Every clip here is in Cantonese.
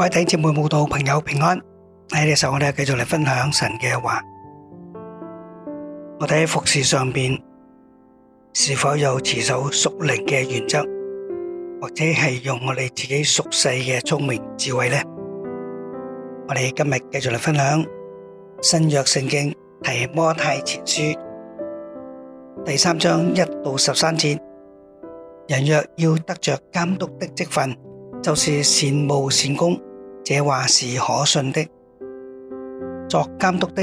各位睇節目嘅弟兄姊妹、慕道朋友平安。喺呢個時候，我哋繼續嚟分享神嘅話。我哋喺服事上邊是否有持守屬靈嘅原則，或者係用我哋自己屬世嘅聰明智慧呢？我哋今日繼續嚟分享新約聖經提摩太前書第三章一到十三節：人若要得着監督的職份，就是羨慕善工。這話是可信的。作監督的，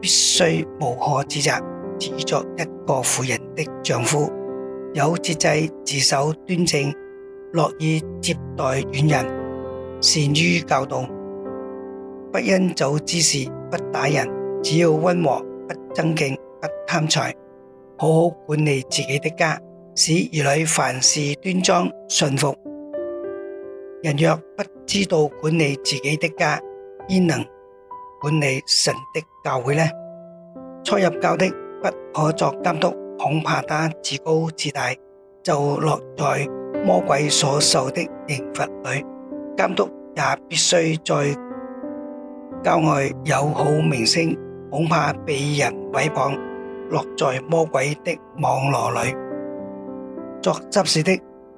必須無可指責，只作一個婦人的丈夫，有節制，自守端正，樂意接待遠人，善於教導，不因酒之事不打人，只要溫和，不爭競，不貪財，好好管理自己的家，使兒女凡事端莊順服。人若不知道管理自己的家，焉能管理神的教會呢？初入教的不可作監督，恐怕他自高自大，就落在魔鬼所受的刑罰裏。監督也必須在教外有好名聲，恐怕被人毀謗，落在魔鬼的網羅裏。作執事的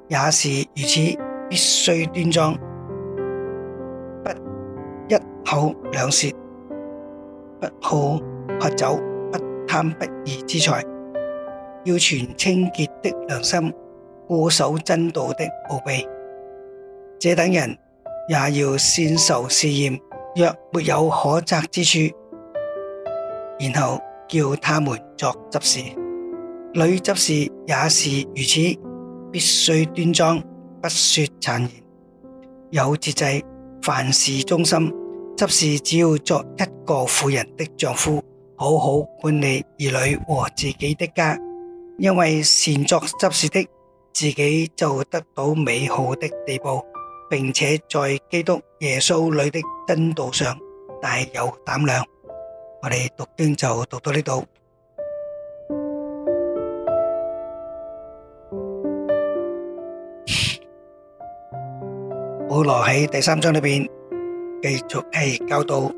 也是如此。必須端莊，不一口兩舌，不好喝酒，不貪不義之財，要存清潔的良心，固守真道的奧秘。這等人也要先受試驗，若沒有可責之處，然後叫他們作執事，女執事也是如此，必須端莊。不說讒言，有節制，凡事忠心。執事只要作一個婦人的丈夫，好好管理兒女和自己的家。因為善作執事的，自己就得到美好的地步，並且在基督耶穌裏的真道上大有膽量。我哋讀經就讀到呢度。保羅喺第三章裏面繼續係教導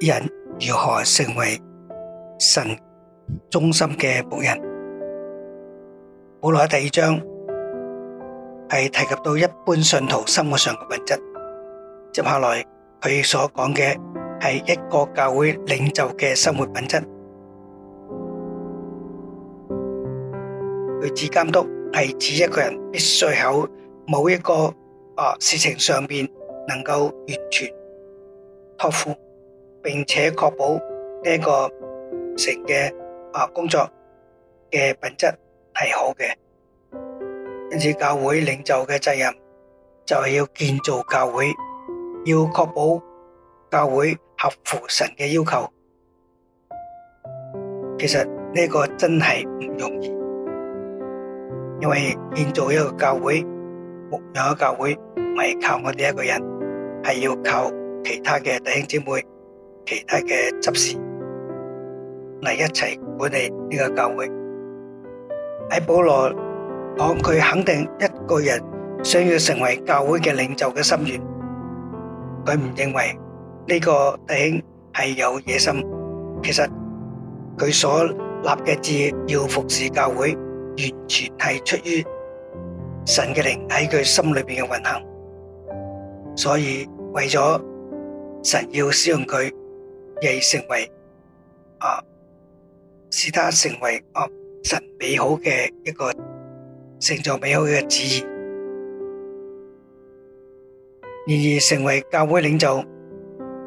人如何成為神中心嘅僕人。保羅喺第二章係提及到一般信徒生活上嘅品質，接下來佢所講嘅係一個教會領袖嘅生活品質。佢指監督係指一個人必須有某一個。啊，事情上面能夠完全託付，並且確保呢個城嘅啊工作嘅品質係好嘅，因此教會領袖嘅責任就係要建造教會，要確保教會合乎神嘅要求。其實呢個真係唔容易，因為建造一個教會。有個教會唔係靠我哋一個人，係要靠其他嘅弟兄姊妹、其他嘅執事嚟一齊管理呢個教會。喺保羅講，佢肯定一個人想要成為教會嘅領袖嘅心願，佢唔認為呢個弟兄係有野心。其實佢所立嘅志要服侍教會，完全係出於。神嘅靈喺佢心裏邊嘅運行，所以為咗神要使用佢，亦成為啊，使他成為啊神美好嘅一個成就美好嘅旨意。然而成為教會領袖，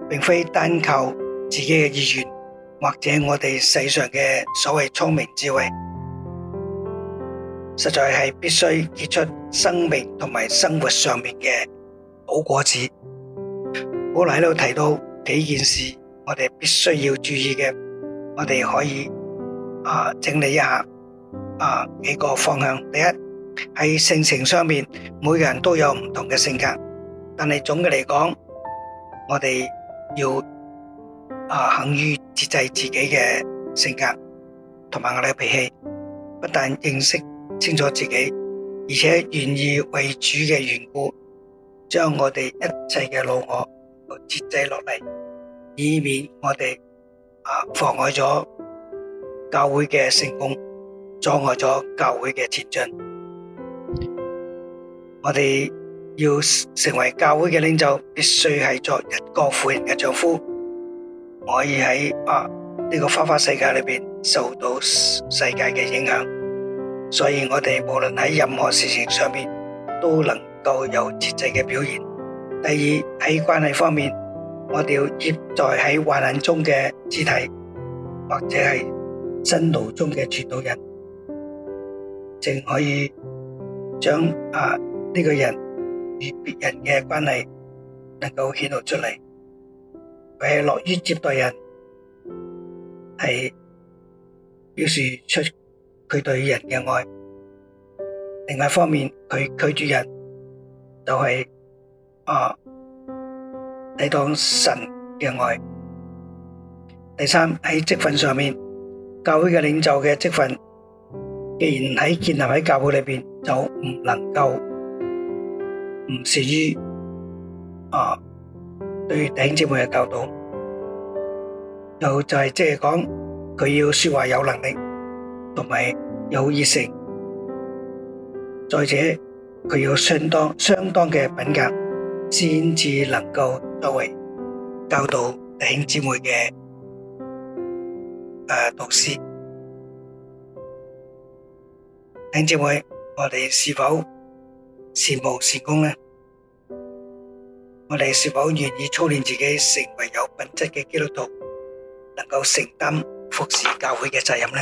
並非單靠自己嘅意願，或者我哋世上嘅所謂聰明智慧。實在係必須結出生命同埋生活上面嘅好果子。我喺度提到幾件事，我哋必須要注意嘅，我哋可以啊整理一下啊幾個方向。第一喺性情上面，每個人都有唔同嘅性格，但係總嘅嚟講，我哋要啊肯於節制自己嘅性格同埋我哋嘅脾氣，不但認識。清楚自己，而且願意為主嘅緣故，將我哋一切嘅老我節制落嚟，以免我哋啊妨礙咗教會嘅成功，阻礙咗教會嘅前進。我哋要成為教會嘅領袖，必須係作一個婦人嘅丈夫，唔可以喺啊呢、這個花花世界裏面受到世界嘅影響。所以我哋無論喺任何事情上面都能夠有節制嘅表現。第二喺關係方面，我哋要接待喺患難中嘅肢體，或者係辛勞中嘅傳道人，正可以將啊呢個人與別人嘅關係能夠顯露出嚟。佢係樂於接待人，係表示出，佢對人嘅愛，另外一方面佢拒絕人就係啊，抵擋神嘅愛。第三喺職分上面，教會嘅領袖嘅職分，既然喺建立喺教會裏面，就唔能夠唔屑於啊對頂住每日教導，又就係即係講佢要說話有能力。同埋有熱誠，再者佢要相當相當嘅品格，先至能夠作為教導弟兄姊妹嘅誒導師。弟兄姊妹，我哋是否羨慕善工咧？我哋是否願意操練自己成為有品質嘅基督徒，能夠承擔服侍教會嘅責任咧？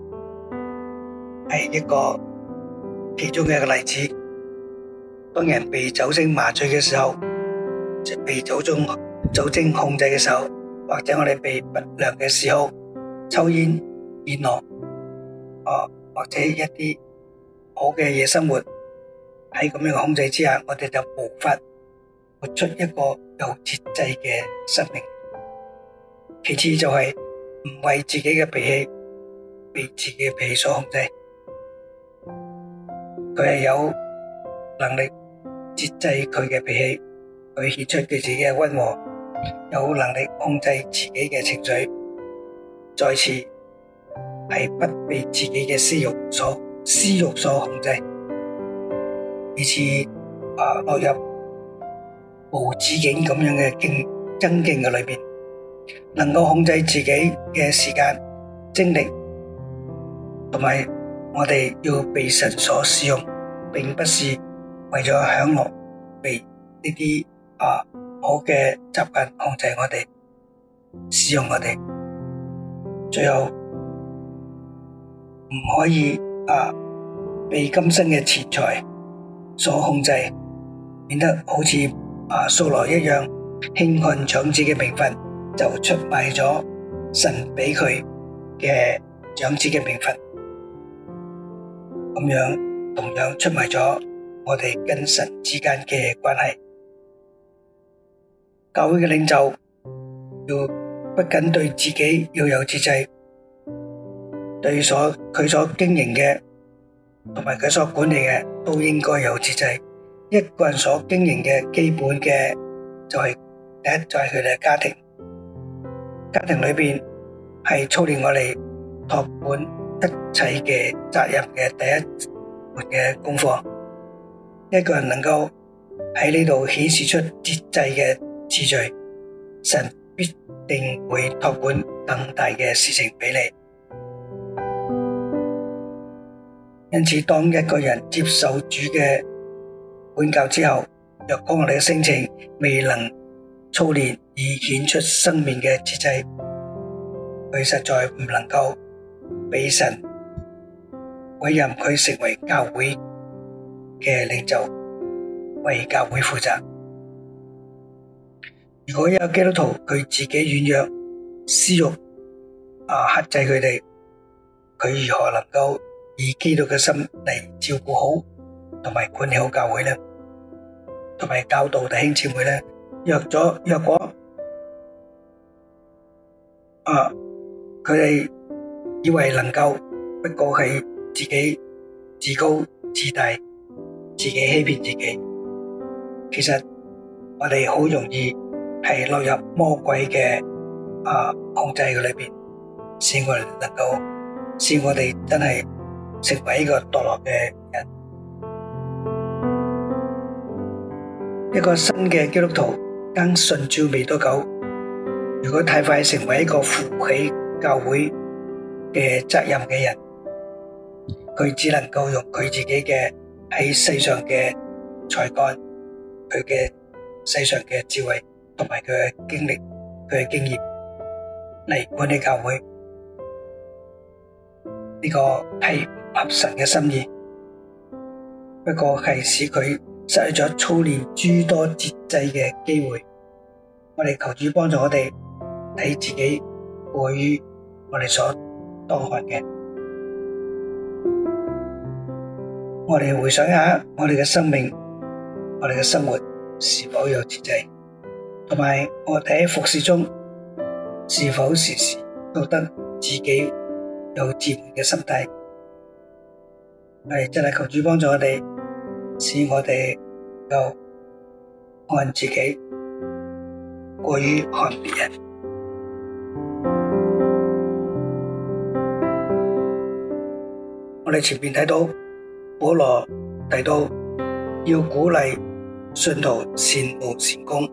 係一個其中嘅一個例子。當人被酒精麻醉嘅時候，被酒中酒精控制嘅時候，或者我哋被不良嘅時候，抽煙、熱浪、啊，或者一啲好嘅夜生活，喺咁樣嘅控制之下，我哋就無法活出一個有節制嘅生命。其次就係唔為自己嘅脾氣，被自己的脾氣所控制。佢係有能力節制佢嘅脾氣，佢顯出佢自己嘅溫和，有能力控制自己嘅情緒，再次係不被自己嘅私欲所私欲所控制，以至啊落入無止境咁樣嘅經增勁嘅裏面，能夠控制自己嘅時間、精力同埋。我哋要被神所使用，並不是為咗享樂，被，被呢啲啊好嘅習慣控制我哋，使用我哋，最後唔可以啊被今生嘅錢財所控制，免得好似啊掃羅一樣，輕看長子嘅名分，就出賣咗神俾佢嘅長子嘅名分。咁樣同樣出賣咗我哋跟神之間嘅關係，教會嘅領袖要不僅對自己要有節制，對所佢所經營嘅同埋佢所管理嘅都應該有節制。一個人所經營嘅基本嘅就係第一就係佢哋嘅家庭，家庭裏邊係操練我哋託管。一切嘅責任嘅第一門嘅功課，一個人能夠喺呢度顯示出節制嘅秩序，神必定會託管更大嘅事情俾你。因此，當一個人接受主嘅管教之後，若果我哋嘅性情未能操練而顯出生命嘅節制，佢實在唔能夠。俾神委任佢成為教會嘅領袖，為教會負責。如果一個基督徒佢自己軟弱、私欲啊克制佢哋，佢如何能夠以基督嘅心嚟照顧好同埋管理好教會咧？同埋教導弟兄姊妹咧，若咗若果啊，佢哋。以為能夠，不過係自己自高自大，自己欺騙自己。其實我哋好容易係落入魔鬼嘅、啊控制嘅裏面，使我哋能夠，使我哋真係成為一個墮落嘅人。一個新嘅基督徒跟信主未多久，如果太快成為一個扶起教會嘅責任嘅人，佢只能夠用佢自己嘅喺世上嘅才幹，佢嘅世上嘅智慧同埋佢嘅經歷、佢嘅經驗嚟管理教會呢，這個係合神嘅心意，不過係使佢失去咗操練諸多節制嘅機會。我哋求主幫助我哋睇自己過於我哋所當看嘅，我哋回想一下，我哋嘅生命，我哋嘅生活是否有自制？同埋我哋喺服侍中是否時時覺得自己有自滿嘅心態？係真係求主幫助我哋，使我哋又看自己過於分別。我哋前面睇到保羅提到要鼓勵信徒羨慕善工，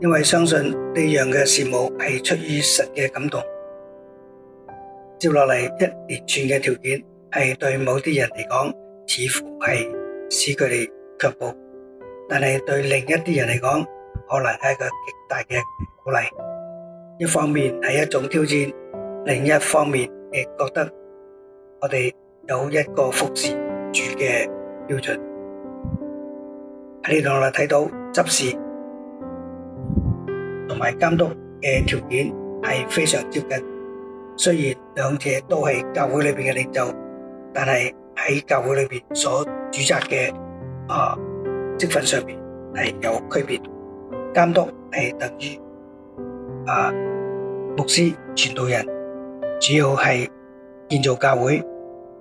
因為相信呢樣嘅羨慕係出於神嘅感動。接落嚟一連串嘅條件係對某啲人嚟講似乎係使佢哋卻步，但係對另一啲人嚟講可能係一個極大嘅鼓勵。一方面係一種挑戰，另一方面亦覺得我哋。有一個服侍主嘅標準，喺你同我哋睇到執事同埋監督嘅條件係非常接近，雖然兩者都係教會裏邊嘅領袖，但係喺教會裏邊所主責嘅啊職份上邊係有區別。監督係等於啊牧師、傳道人，主要係建造教會。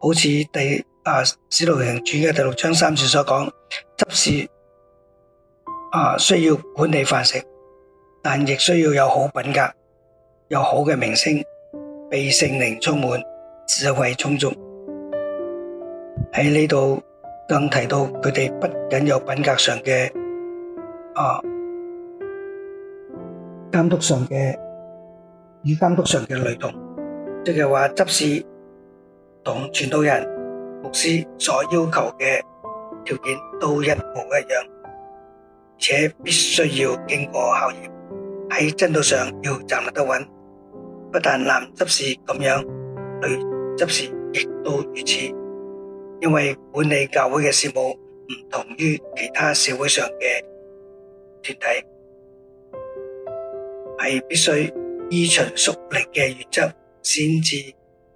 好似第啊《使徒行傳》嘅第六章三段所講，執事啊需要管理飯食，但亦需要有好品格，有好嘅名聲，被聖靈充滿，智慧充足。喺呢度更提到佢哋不僅有品格上嘅啊監督上嘅與監督上嘅雷同，即係話執事。同傳道人牧師所要求嘅條件都一模一樣，而且必須要經過考驗，喺真道上要站立得穩。不但男執事咁樣，女執事亦都如此，因為管理教會嘅事務唔同於其他社會上嘅團體，係必須依循屬靈嘅原則先至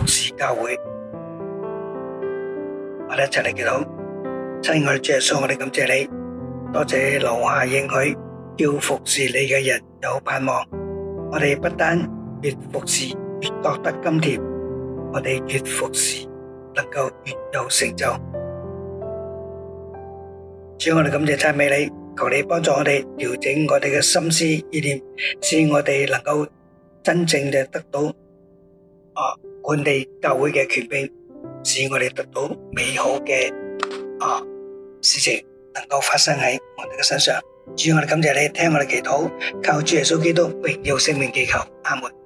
服侍教會，我哋一齊嚟祈禱。親愛嘅耶穌，我哋感謝你，多謝留下應許，要服侍你嘅人有盼望。我哋不單越服侍越覺得甘甜，我哋越服侍能夠越有成就。主，我哋感謝讚美你，求你幫助我哋調整我哋嘅心思意念，使我哋能夠真正嘅得到。啊！管理教會嘅權柄，使我哋得到美好嘅啊事情能夠發生喺我哋嘅身上。主，我哋感謝你聽我哋祈禱，靠主耶穌基督榮耀聖名祈求，阿門。